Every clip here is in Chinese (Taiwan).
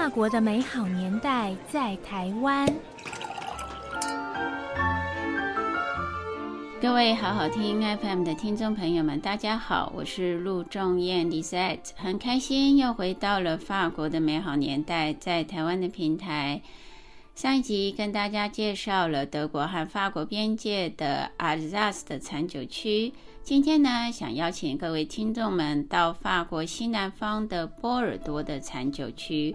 法國的美好年代在台灣。各位好好聽 FM 的聽眾朋友們，大家好，我是陸仲燕 l z 很開心又回到了法國的美好年代在台灣的平台上。一集跟大家介紹了德國和法國邊界的 a l s a 的產酒區，今天呢，想邀請各位聽眾們到法國西南方的波爾多的產酒區。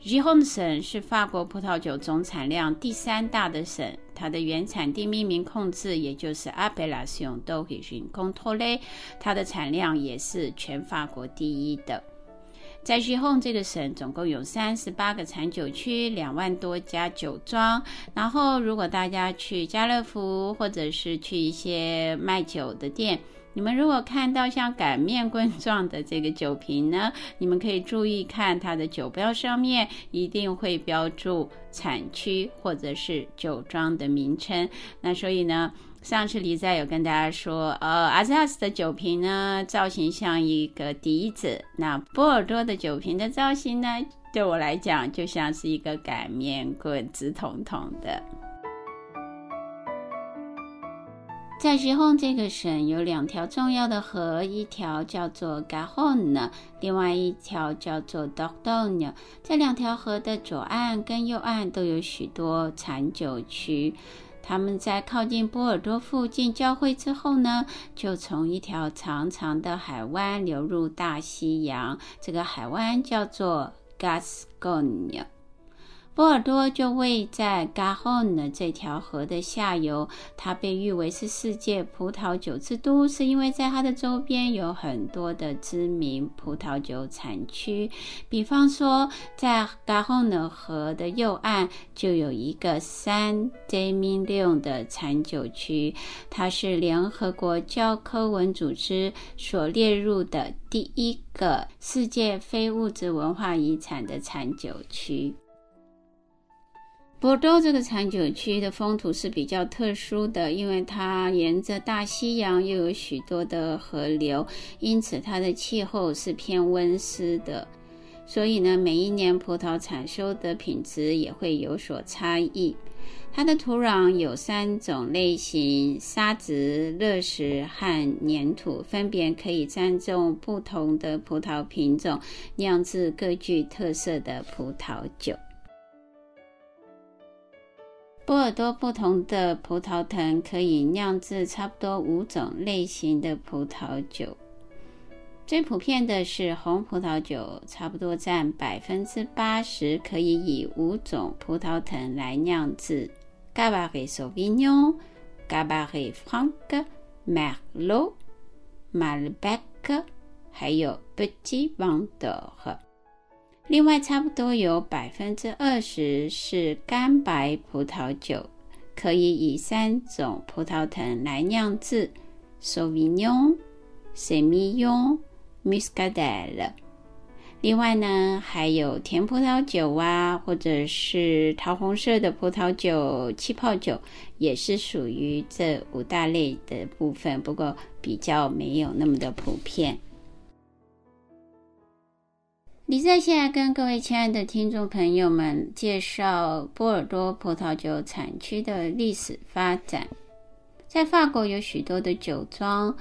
Gironde 省是法國葡萄酒總產量第三大的省，它的原產地命名控制，也就是 Appellation d'origine contrôlée，它的產量也是全法國第一的。在 Gironde 這個省，總共有三十八個產酒區，兩萬多家酒莊。然後，如果大家去家樂福或者是去一些賣酒的店，你們如果看到像擀麵棍狀的這個酒瓶呢，你們可以注意看它的酒標上面一定會標注產區或者是酒莊的名稱。那所以呢，上次李在有跟大家說，呃，阿爾薩斯的酒瓶呢，造型像一個笛子；那波爾多的酒瓶的造型呢，對我來講就像是一個擀麵棍，直筒筒的。在吉昂這個省有兩條重要的河，一條叫做加龍河，另外一條叫做多多涅。這兩條河的左岸跟右岸都有許多產酒區。它們在靠近波爾多附近交匯之後呢，就從一條長長的海灣流入大西洋。這個海灣叫做加斯科涅。波爾多就位在 Garonne 的這條河的下游，它被譽為是世界葡萄酒之都，是因為在它的周邊有很多的知名葡萄酒產區。比方說，在 Garonne 的河的右岸就有一個 Saint-Émilion 的產酒區，它是聯合國教科文組織所列入的第一個世界非物質文化遺產的產酒區。波爾多這個產酒區的風土是比較特殊的，因為它沿着大西洋又有許多的河流，因此它的氣候是偏溫濕的。所以呢，每一年葡萄採收的品質也會有所差異。它的土壤有三種類型：沙質、礫石和粘土，分別可以栽種不同的葡萄品種，釀製各具特色的葡萄酒。波爾多不同的葡萄藤可以釀製差不多五種類型的葡萄酒。最普遍的是紅葡萄酒，差不多佔百分之八十，可以以五種葡萄藤來釀製 Cabernet Sauvignon、Cabaret Franc、Merlot、Malbec 還有 Petit Verdot 另外，差不多有百分之二十是乾白葡萄酒，可以以三種葡萄藤來釀制 Sauvignon、Semillon、Muscadelle。另外呢，還有甜葡萄酒啊，或者是桃紅色的葡萄酒、氣泡酒，也是屬於這五大類的部分，不過比較沒有那麼的普遍。現在跟各位親愛的聽眾朋友們介紹波爾多葡萄酒產區的歷史發展。在法國有許多的酒莊，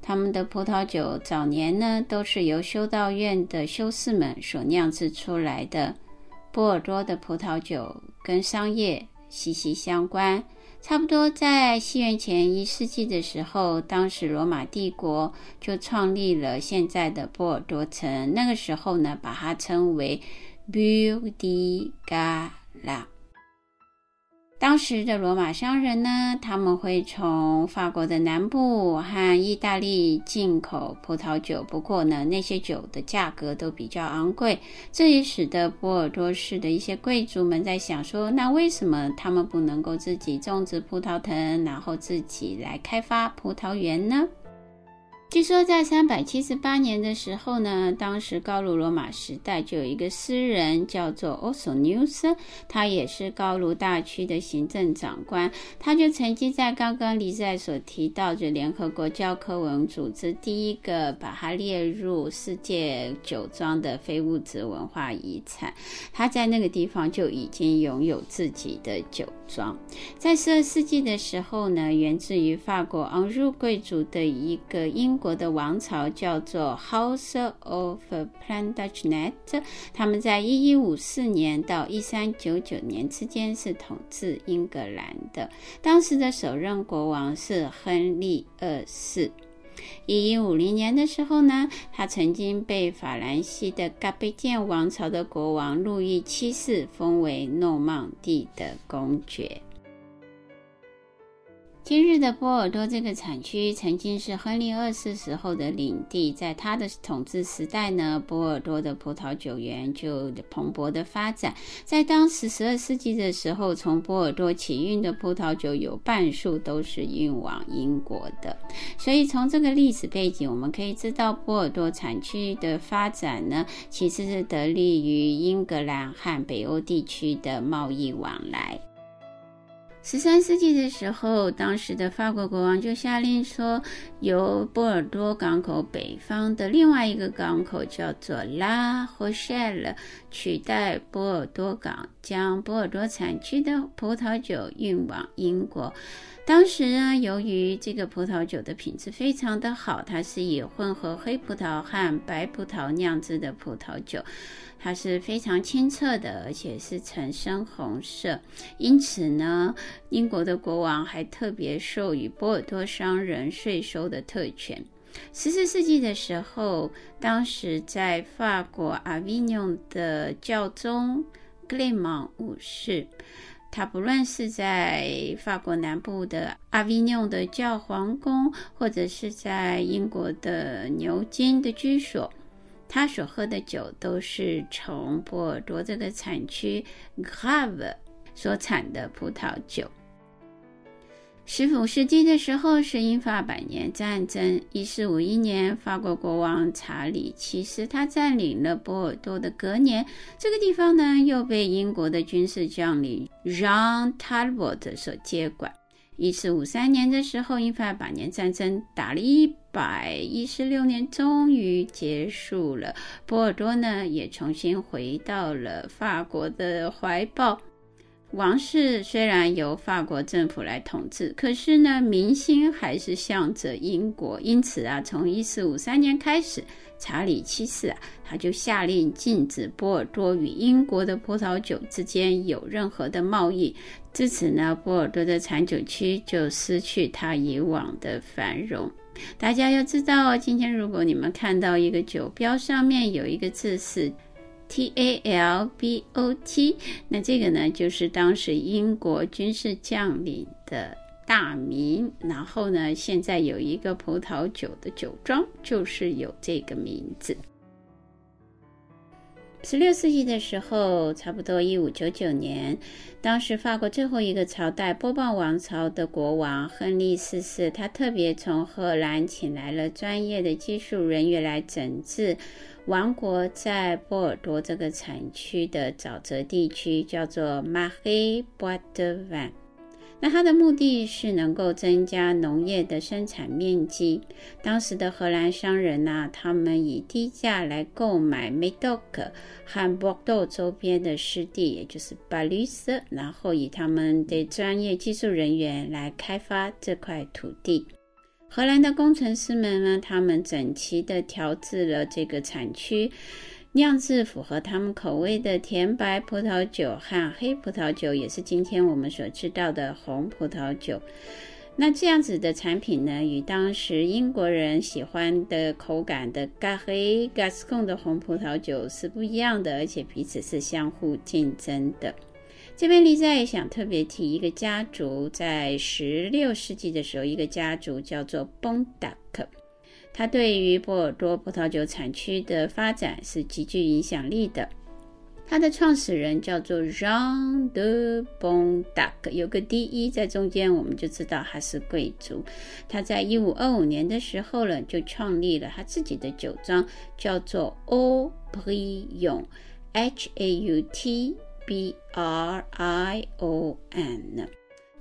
他們的葡萄酒早年呢都是由修道院的修士們所釀制出來的。波爾多的葡萄酒跟商業息息相關。差不多在西元前一世紀的時候，當時羅馬帝國就創立了現在的波爾多城，那個時候呢，把它稱為 “Burdigala”。當時的羅馬商人呢，他們會從法國的南部和意大利進口葡萄酒，不過呢，那些酒的價格都比較昂貴，這也使得波爾多市的一些貴族們在想說，那為什麼他們不能夠自己種植葡萄藤，然後自己來開發葡萄園呢？據說在三百七十八年的時候呢，當時高盧羅馬時代就有一個詩人叫做歐索紐斯，他也是高盧大區的行政長官，他就曾經在剛剛李在所提到的聯合國教科文組織第一個把他列入世界酒莊的非物質文化遺產，他在那個地方就已經擁有自己的酒莊。在十二世紀的時候呢，源自於法國安茹貴族的一個英國。國的王朝叫做 House of Plantagenet，他們在1154年到1399年之間是統治英格蘭的。當時的首任國王是亨利二世。1150年的時候呢，他曾經被法蘭西的嘎貝建王朝的國王路易七世封為諾曼第的公爵。今日的波爾多這個產區曾經是亨利二世時候的領地，在他的統治時代呢，波爾多的葡萄酒園就蓬勃的發展。在當時十二世紀的時候，從波爾多起運的葡萄酒有半數都是運往英國的，所以從這個歷史背景，我們可以知道波爾多產區的發展呢，其實是得力於英格蘭和北歐地區的貿易往來。十三世紀的時候，當時的法國國王就下令說，由波爾多港口北方的另外一個港口叫做拉羅謝爾取代波爾多港，將波爾多產區的葡萄酒運往英國。當時呢，由於這個葡萄酒的品質非常的好，它是以混合黑葡萄和白葡萄釀製的葡萄酒，它是非常清澈的，而且是呈深紅色。因此呢，英國的國王還特別授予波爾多商人稅收的特權。十四世紀的時候，當時在法國阿維尼翁的教宗格雷芒五世。他不論是在法國南部的阿維尼翁的教皇宮，或者是在英國的牛津的居所，他所喝的酒都是從波爾多這個產區格拉夫所產的葡萄酒。十五世紀的時候是英法百年戰爭。一四五一年，法國國王查理七世他佔領了波爾多的隔年，這個地方呢又被英國的軍事將領 John Talbot 所接管。一四五三年的時候，英法百年戰爭打了一百一十六年，終於結束了。波爾多呢也重新回到了法國的懷抱。王室雖然由法國政府來統治，可是呢，民心還是向着英國。因此啊，從一四五三年開始，查理七世啊，他就下令禁止波爾多與英國的葡萄酒之間有任何的貿易。至此呢，波爾多的產酒區就失去它以往的繁榮。大家要知道哦，今天如果你們看到一個酒標上面有一個字是，T A L B O T，那這個呢，就是當時英國軍事將領的大名，然後呢，現在有一個葡萄酒的酒莊，就是有這個名字。十六世紀的時候，差不多一五九九年，當時法國最後一個朝代波旁王朝的國王亨利四世，他特別從荷蘭請來了專業的技術人員來整治王國在波爾多這個產區的沼澤地區，叫做馬黑波德灣。那它的目的是能夠增加農業的生產面積。當時的荷蘭商人呢、啊，他們以低價來購買梅多克、波爾多周邊的濕地，也就是巴呂斯，然後以他們的專業技術人員來開發這塊土地。荷蘭的工程師們呢，他們整齊的調製了這個產區。釀製符合他們口味的甜白葡萄酒和黑葡萄酒，也是今天我們所知道的紅葡萄酒。那這樣子的產品呢，與當時英國人喜歡的口感的加黑、加斯孔的紅葡萄酒是不一樣的，而且彼此是相互競爭的。這邊麗莎也想特別提一個家族，在十六世紀的時候，一個家族叫做邦達克。它對於波爾多葡萄酒產區的發展是極具影響力的。它的創始人叫做 n d 讓·德·布 d a 克，有個 D E 在中間，我們就知道他是貴族。他在1525年的時候呢，就創立了他自己的酒莊，叫做 b r i o 永 （Haut b r i o N。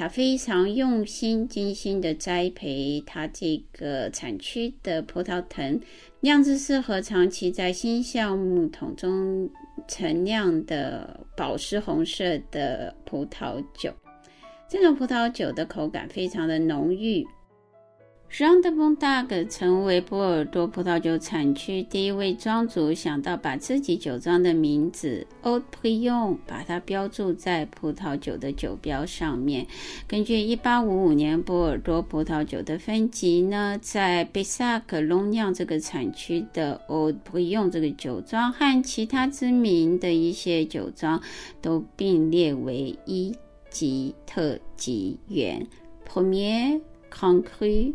他非常用心、精心的栽培他這個產區的葡萄藤，釀製適合長期在新橡木桶中陳釀的寶石紅色的葡萄酒。這種葡萄酒的口感非常的濃郁。Jean de Pontac 成為波爾多葡萄酒產區第一位莊主，想到把自己酒莊的名字 “Haut-Brion” 把它標注在葡萄酒的酒標上面。根據1855年波爾多葡萄酒的分級呢，在貝薩克隆釀這個產區的 “Haut-Brion” 這個酒莊和其他知名的一些酒莊都並列為一級特級園 （Premier Cru）。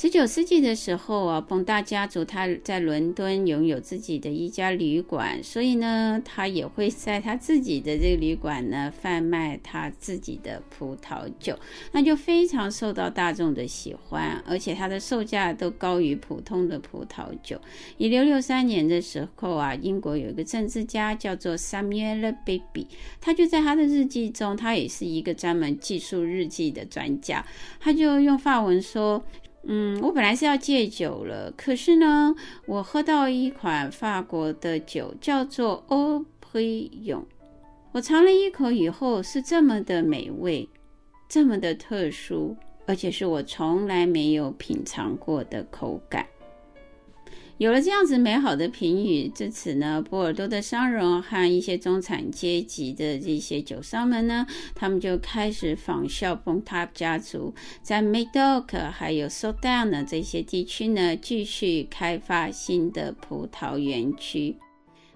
十九世紀的時候啊，彭大家族他在倫敦擁有自己的一家旅館，所以呢，他也會在他自己的這個旅館呢販賣他自己的葡萄酒，那就非常受到大眾的喜歡，而且他的售價都高於普通的葡萄酒。一六六三年的時候啊，英國有一個政治家叫做 Samuel Baby，他就在他的日記中，他也是一個專門記述日記的專家，他就用法文說。嗯，我本來是要戒酒了，可是呢，我喝到一款法國的酒，叫做歐佩永。我嘗了一口以後，是這麼的美味，這麼的特殊，而且是我從來沒有品嘗過的口感。有了這樣子美好的評語，至此呢，波爾多的商人和一些中產階級的這些酒商們呢，他們就開始仿效 Pontac 家族，在 Médoc 還有 Sauternes 這些地區呢，繼續開發新的葡萄園區。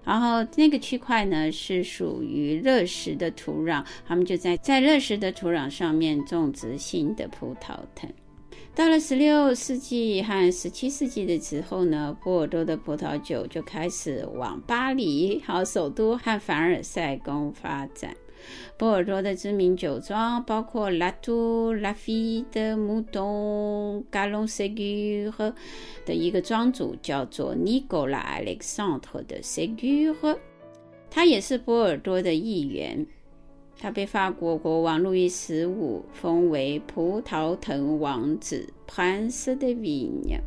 然後那個區塊呢，是屬於礫石的土壤，他們就在在礫石的土壤上面種植新的葡萄藤。到了十六世紀和十七世紀的時候呢，波爾多的葡萄酒就開始往巴黎，好首都和凡爾賽宮發展。波爾多的知名酒莊包括拉圖、拉菲、的木東、嘎龍塞居和的一個莊主叫做尼古拉·亞歷山特的塞居和，他也是波爾多的議員。他被法國國王路易十五封為葡萄藤王子潘斯的維尼，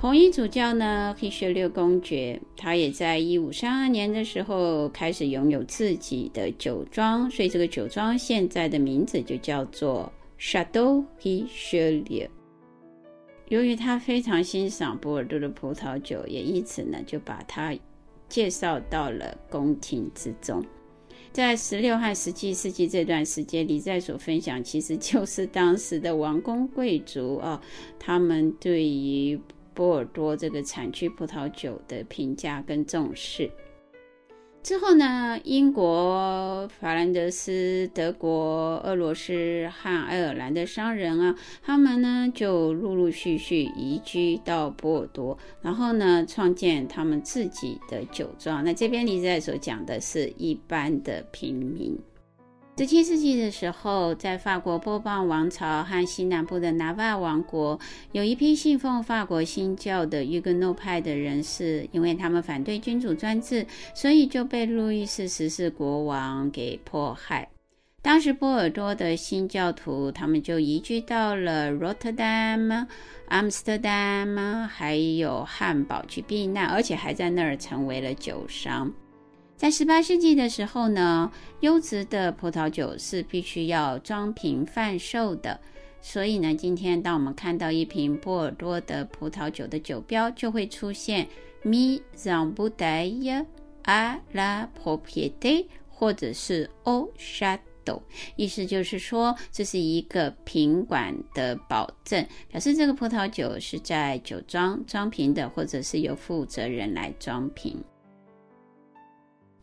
紅衣主教呢，黑雪六公爵，他也在一五三二年的時候開始擁有自己的酒莊，所以這個酒莊現在的名字就叫做 s 沙都黑雪六。由於他非常欣賞波爾多的葡萄酒，也因此呢，就把他介紹到了宮廷之中。在十六和十七世紀這段時間裡，在所分享，其實就是當時的王公貴族啊，他們對於波爾多這個產區葡萄酒的評價跟重視。之後呢，英國、法蘭德斯、德國、俄羅斯和愛爾蘭的商人啊，他們呢就陸陸續續移居到波爾多，然後呢創建他們自己的酒莊。那這邊你在所講的是一般的平民。十七世紀的時候，在法國波旁王朝和西南部的納瓦爾王國，有一批信奉法國新教的約格諾派的人士，因為他們反對君主專制，所以就被路易斯十四國王給迫害。當時，波爾多的新教徒他們就移居到了鹿特丹、阿姆斯特丹，還有漢堡去避難，而且還在那兒成為了酒商。在十八世紀的時候呢，優質的葡萄酒是必須要裝瓶販售的。所以呢，今天當我們看到一瓶波爾多的葡萄酒的酒標，就會出現 Mis en bouteille à la propriété 或者是 au château，意思就是說這是一個品管的保證，表示這個葡萄酒是在酒莊裝瓶的，或者是由負責人來裝瓶。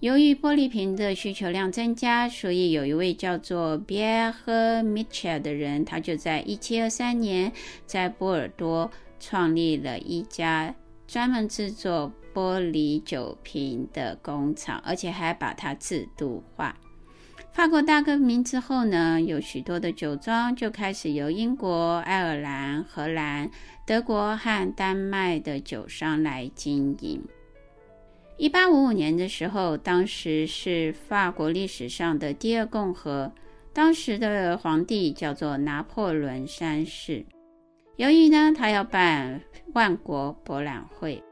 由於玻璃瓶的需求量增加，所以有一位叫做別爾赫·米切爾的人，他就在1723年在波爾多創立了一家專門制作玻璃酒瓶的工廠，而且還把它制度化。法國大革命之後呢，有許多的酒莊就開始由英國、愛爾蘭、荷蘭、德國和丹麥的酒商來經營。一八五五年的時候，當時是法國歷史上的第二共和，當時的皇帝叫做拿破崙三世。由於呢，他要辦萬國博覽會。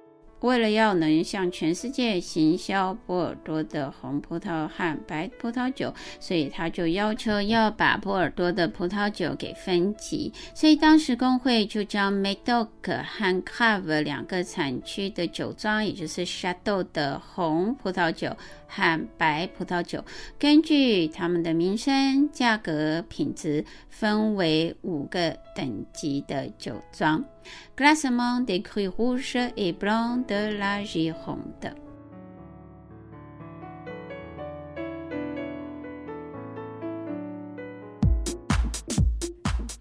為了要能向全世界行銷波爾多的紅葡萄和白葡萄酒，所以他就要求要把波爾多的葡萄酒給分級，所以當時工會就將 Médoc 和 Cave 兩個產區的酒莊，也就是 Château 的紅葡萄酒。和白葡萄酒，根據他們的名聲、價格、品質，分為五個等級的酒莊。Classement des crus rouges et blancs de la Gironde。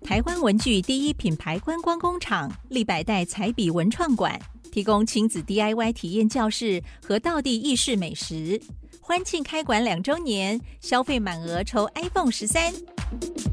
台灣文具第一品牌觀光工廠，利百代彩筆文創館，提供親子 DIY 體驗教室和道地意式美食。歡慶開館兩週年，消費滿額抽 iPhone 13。